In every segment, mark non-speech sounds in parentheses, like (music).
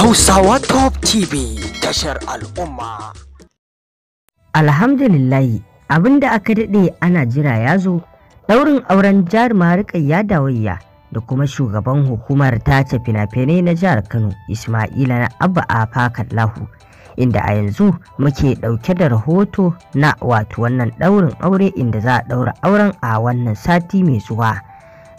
Hausawa Top TV tashar al'umma. Alhamdulillahi abinda aka daɗe ana jira ya zo ɗaurin auren jarumar ya dawayya da kuma shugaban hukumar tace fina-finai na jihar Kano Ismaila na Abba Afa Lahu inda a yanzu muke ɗauke da rahoto na wato wannan ɗaurin aure inda za a ɗaura auren a wannan sati mai zuwa.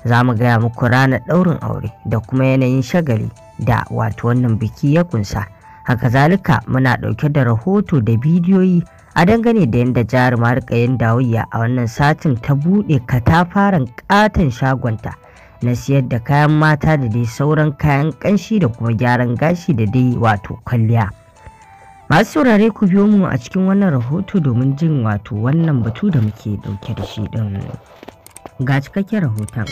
Za mu gaya muku ranar ɗaurin aure da kuma yanayin shagali da wato wannan biki ya kunsa haka zalika muna ɗauke da rahoto da bidiyoyi a dangane da yadda jarumar kayan dawiya a wannan satin ta buɗe katafaren katon shagonta na siyar da kayan mata da dai sauran kayan ƙanshi da kuma gyaran gashi da dai wato kwalliya masu saurare ku biyo mu a cikin wannan rahoto domin jin wato wannan batu da muke ɗauke da shi ɗin ga cikakken rahoton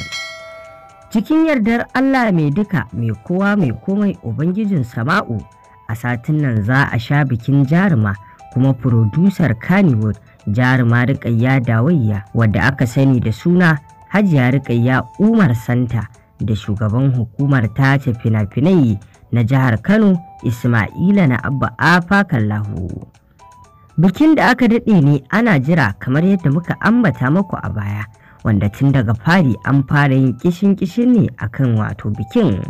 cikin yardar Allah mai duka mai kowa mai komai Ubangijin Sama'u a satin nan za a sha bikin jaruma kuma furodusar Kannywood jaruma Rikayya Dawayya wadda aka sani da suna Hajiya Rikayya Umar Santa da shugaban hukumar tace fina-finai na jihar Kano Ismaila na Abba Afa Kallahu. Bikin da aka daɗe ne ana jira kamar yadda muka ambata muku a baya. wanda tun daga fari an fara yin kishin-kishin ne akan wato bikin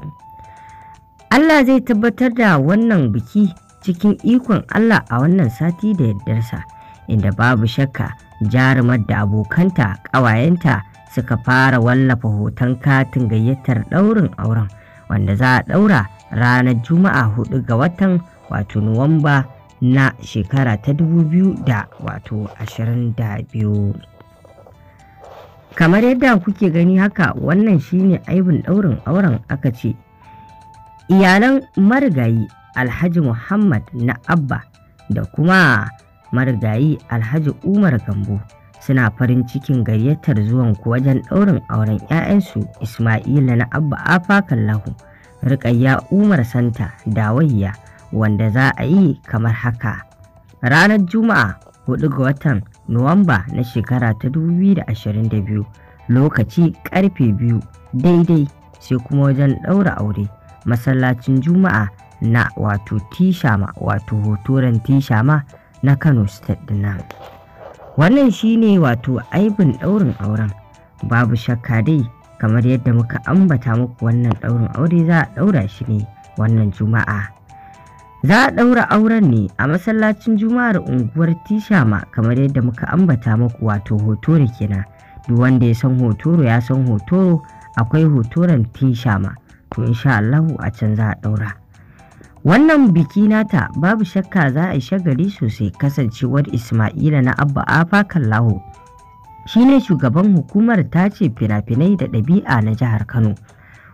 Allah zai tabbatar da wannan biki cikin ikon Allah a wannan sati da yardarsa inda babu shakka jarumar da abokanta ƙawayenta suka fara wallafa hoton katin gayyatar ɗaurin auren wanda za a ɗaura ranar juma'a 4 ga watan wato nuwamba na shekara ta biyu da wato biyu. kamar yadda kuke gani haka wannan shine aibin daurin auren aka ce iyalan marigayi alhaji muhammad na abba da kuma marigayi alhaji umar gambo suna farin cikin gayyatar zuwan ku wajen daurin auren 'ya'yansu ismaila na abba afakan lahu rikayya umar santa dawayya wanda za a yi kamar haka ranar juma'a 4 ga watan Nuwamba na shekara ta 2022 lokaci karfe biyu daidai sai kuma wajen ɗaura aure masallacin juma'a na wato tishama wato hotoran tishama na kano state dina wannan shine wato aibin ɗaurin auren babu shakka dai kamar yadda muka ambata muku wannan ɗaurin aure za a ɗaura shi ne wannan juma'a Za a ɗaura auren ne a masallacin Juma'ar unguwar Tishama kamar yadda muka ambata muku wato hotoro kenan. Duk wanda ya san hotoro ya san hotoro akwai hotoron Tishama. To insha Allah a can za a ɗaura. Wannan biki nata babu shakka za a yi shagali sosai kasancewar Ismaila na Abba Afa Kallaho. Shi ne shugaban hukumar tace fina-finai da ɗabi'a na jihar Kano.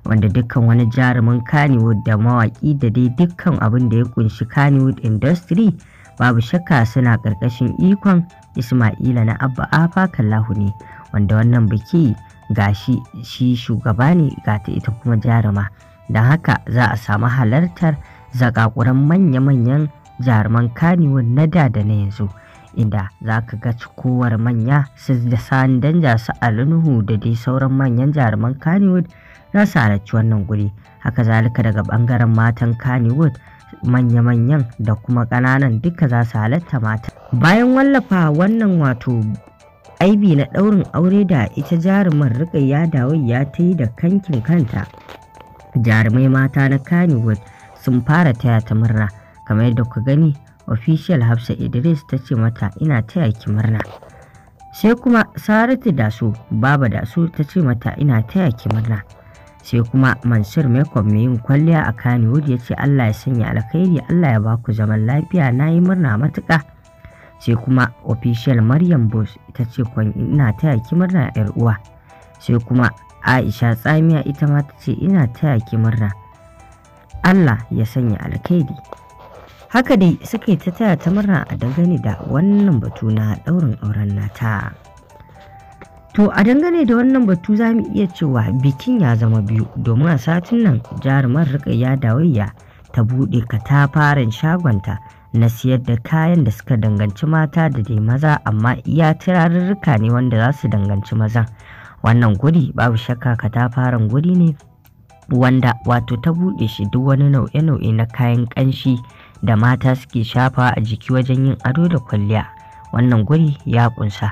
wanda dukkan wani jarumin Kannywood da mawaƙi da dai dukkan abin da ya kunshi Kannywood industry babu shakka suna ƙarƙashin ikon Ismaila na Abba Afa Kallahu ne wanda wannan biki gashi shi shugaba ne ga ta ita kuma jaruma don haka za a samu halartar zakakuran manya-manyan jaruman Kannywood na da da na yanzu. inda za ka ga cikowar manya su da sandan jasu nuhu da dai sauran manyan jaruman Kannywood za su halarci wannan guri haka zalika daga bangaren matan kannywood manya-manyan da kuma ƙananan duka za su halatta mata bayan wallafa wannan wato aibi na ɗaurin aure da ita jaruman rikayya ya ta yi da kankin kanta jarumai mata na kannywood sun fara taya ta murna kamar yadda ku gani official hafsa idris ta ce mata ina taya ki murna sai kuma saratu dasu baba dasu ta ce mata ina taya ki murna sai kuma mansur mai mai yin kwalliya a kanewood ya ce allah ya sanya alkhairi allah ya baku zaman lafiya na yi murna matuka. sai kuma official maryam bush ita ce ina taya ki murna yar uwa sai kuma aisha tsamiya ita ma ta ce ina taya ki murna allah ya sanya alkhairi haka dai suke ta taya ta murna a dangane da wannan batu na daurin auren nata. To a dangane da wannan batu za mu iya cewa bikin ya zama biyu domin a satin nan jarumar rikayya dawayya ta buɗe katafaren shagonta na siyar da kayan da suka danganci mata da dai maza amma iya turarurruka ne wanda za su danganci mazan. Wannan guri babu shakka katafaren guri ne wanda wato ta buɗe shi duk wani nau'e-nau'e na kayan ƙanshi da mata suke shafa a jiki wajen yin ado da kwalliya. Wannan guri ya ƙunsa.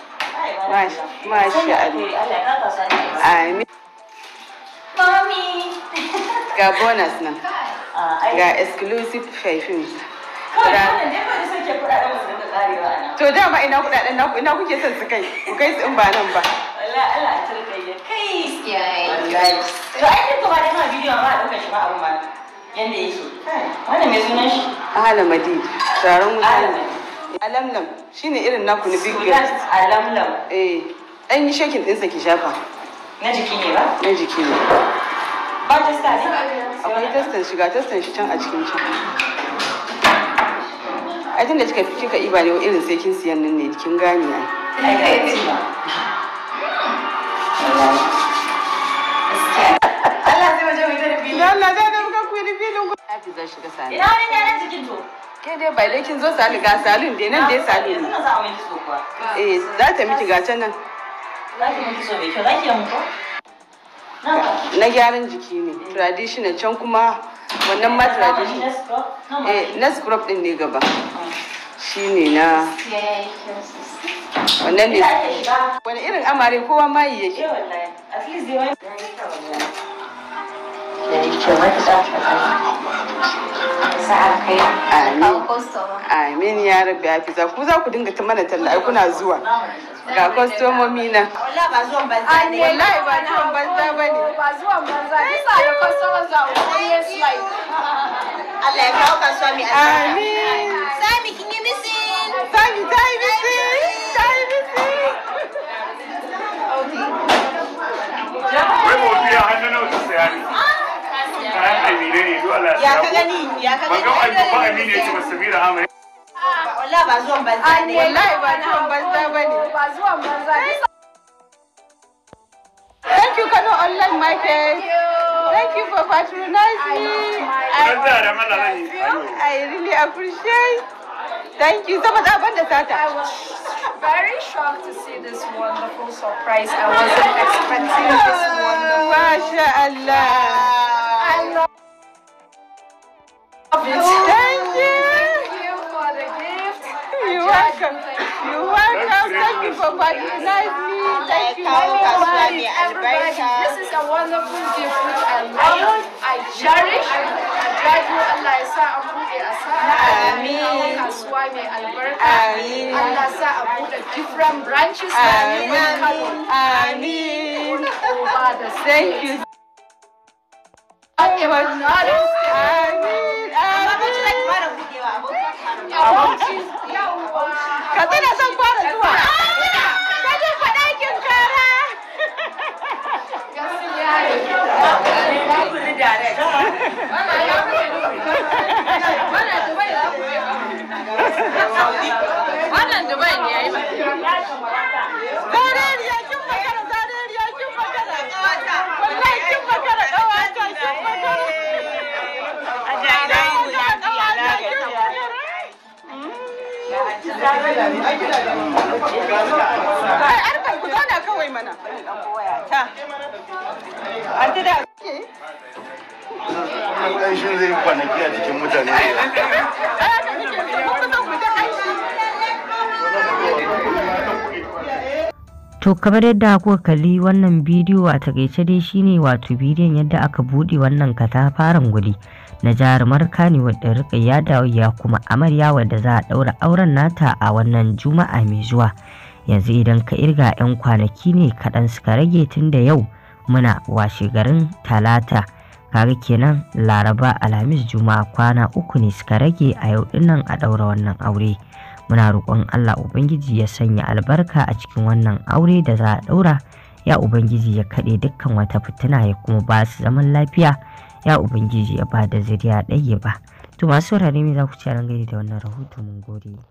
Masha Allah. Amin. Mami. Ga bonus nan. Ah, Ga exclusive da ne perfume. To dama ina kudaden na, ina kuke son su kai ku kai su in ba nan ba. Wallahi Allah ta kai kai kiyaye. Wallahi. To ai duka ba da ma bidiyo ma duka shi ba abun ma. Yanda yake. Wannan mai sunan shi? Ahala Madid. Taron mutane. alamlam shine irin naku na big girl alamlam eh an yi shekin ɗinsa ki shafa na jiki ne ba na jiki ne ba testa ne akwai testan shiga testan shi can a cikin can ai tunda kika kika iba ne irin sai kin siyan nan ne kin gane ai (laughs) Allah zai wajen mutum da Allah zai wajen mutum da filin. Hafi zai shiga sani. Ina wani ne na cikin to. Ke dai bai dai kin zo sali ga salin dai nan dai salin. ne za a miki so kuwa. Eh za ta miki ga can nan. Za ki miki so mai za ki yi muku. Na gyaran jiki ne traditional can kuma wannan ma traditional. Eh next crop din ne gaba. Ah. Shi ne na. Wannan ne. Wani irin amare kowa ma yi yake. Eh wallahi at least dai wani. Ya yi kyau wani. Ya yi kyau wani. amin ya rabbi hafiza ku za dinga ta mana talla kuna zuwa ga kwastomomi na wallahi ba banza ne wallahi ba banza ne Thank you Kano online market. Thank you for patronizing me. I really appreciate. Thank you. So much. I was very shocked to see this wonderful surprise. I wasn't expecting this (laughs) wonderful. Masha Oh, thank you. Thank you for the gift. You're welcome. You're welcome. Thank you for patronizing me. Thank you. Everybody, everybody, this is a wonderful gift which I love, I cherish. I try Allah ya Abu Asa. Amin. Amin. Allah sa Abu the different branches. Amin. Amin. Thank you. It was not ai ku zauna kawai mana. ai Anti da ke. Wannan ƙanshin mutane. to kamar yadda kuka kalli wannan bidiyo a takaice dai shine wato bidiyon yadda aka buɗe wannan katafaren guri na jarumar Kani wadda rika ya ya kuma amarya wadda za a ɗaura auren nata a wannan juma'a mai zuwa yanzu idan ka irga 'yan kwanaki ne kaɗan suka rage tun da yau muna washe garin talata kaga kenan laraba alhamis juma'a kwana uku ne suka rage a yau dinnan a ɗaura wannan aure muna roƙon Allah Ubangiji ya sanya albarka a cikin wannan aure da za a ɗaura ya Ubangiji ya kaɗe dukkan wata fitina ya kuma ba su zaman lafiya ya Ubangiji ya ba da zuriya ɗaya ba to masu saurare me za ku ci a da wannan rahoton mun gode